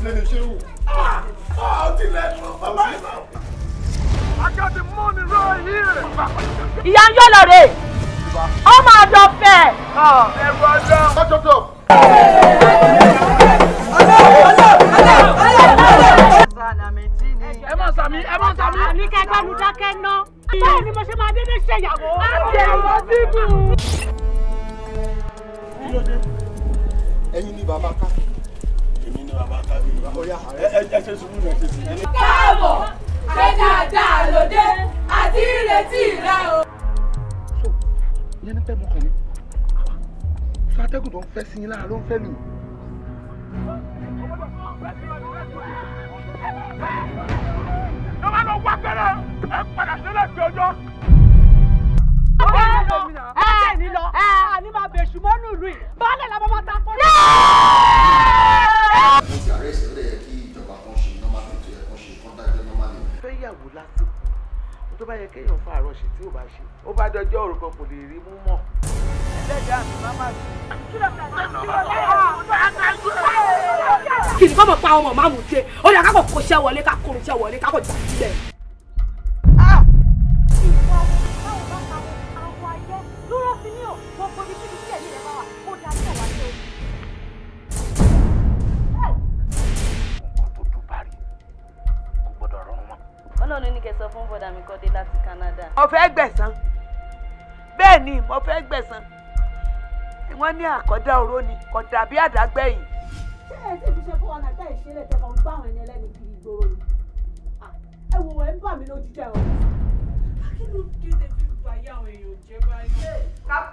ti lẹ́nu ṣé wù. Ah, ah, ó ti lẹ́nu bàbá ìbá. I got the money right here. ìyá ń yọ̀lọ̀ rè ó máa dọ̀ fẹ́. ẹ̀rù ọjọ́. ọjọ́ tó. ẹ mọ̀ sàmí ẹ mọ̀ sàmí. àní kẹ́kẹ́ lu dákẹ́ ná. báwo ni mo ṣe máa dédé ṣèyàwó. a jẹ ìwọ síbù. kí ló dé ẹ̀yin ni bàbá ká káàbọ̀ ṣe dáadáa lóde àti ìrètí rẹ o. so ìyẹn ní pẹ́ mọ́ kàn mí sọ atẹ́gùn tó ń fẹ́ sí yín lára ló ń fẹ́ lù. ẹ máa lọ wá fẹ́rẹ́ ẹ padà sílẹ̀ fi ọjọ́ ẹ ní lọ ẹ ní máa bẹ̀sùmọ́nù rìn baálé tó bá yẹ kéèyàn fa àárọ̀ ṣe tí ò bá ṣe ó bá dọjọ́ òru kan kò lè rí mú mọ́. ẹlẹ́dàá mi máa máa kì í kọ́ mọ̀ pa ọmọ máa mú jẹ ó yẹ ká kò kó iṣẹ́ wọlé ká kó iṣẹ́ wọlé ká kò jà sílẹ̀. ọlọ́run ní kẹ́ sọ fún bọ́dà mi kó dé láti Canada. mo fẹ́ gbẹ̀san bẹ́ẹ̀ ni mo fẹ́ gbẹ̀san wọ́n ní àkọ́dá oró ni kò dàbí àdágbẹ̀yìn. ṣé ẹ ti fi ṣe fún ọ̀nà tá ìṣẹ̀lẹ̀ tẹ̀ kàn bá àwọn ẹni ẹlẹ́ni kiri ìgboro ni ẹ wò ẹ ń bà mí lójú jẹ́ o. kí ló dé tẹ fi bàyà àwọn èèyàn jẹ báyìí.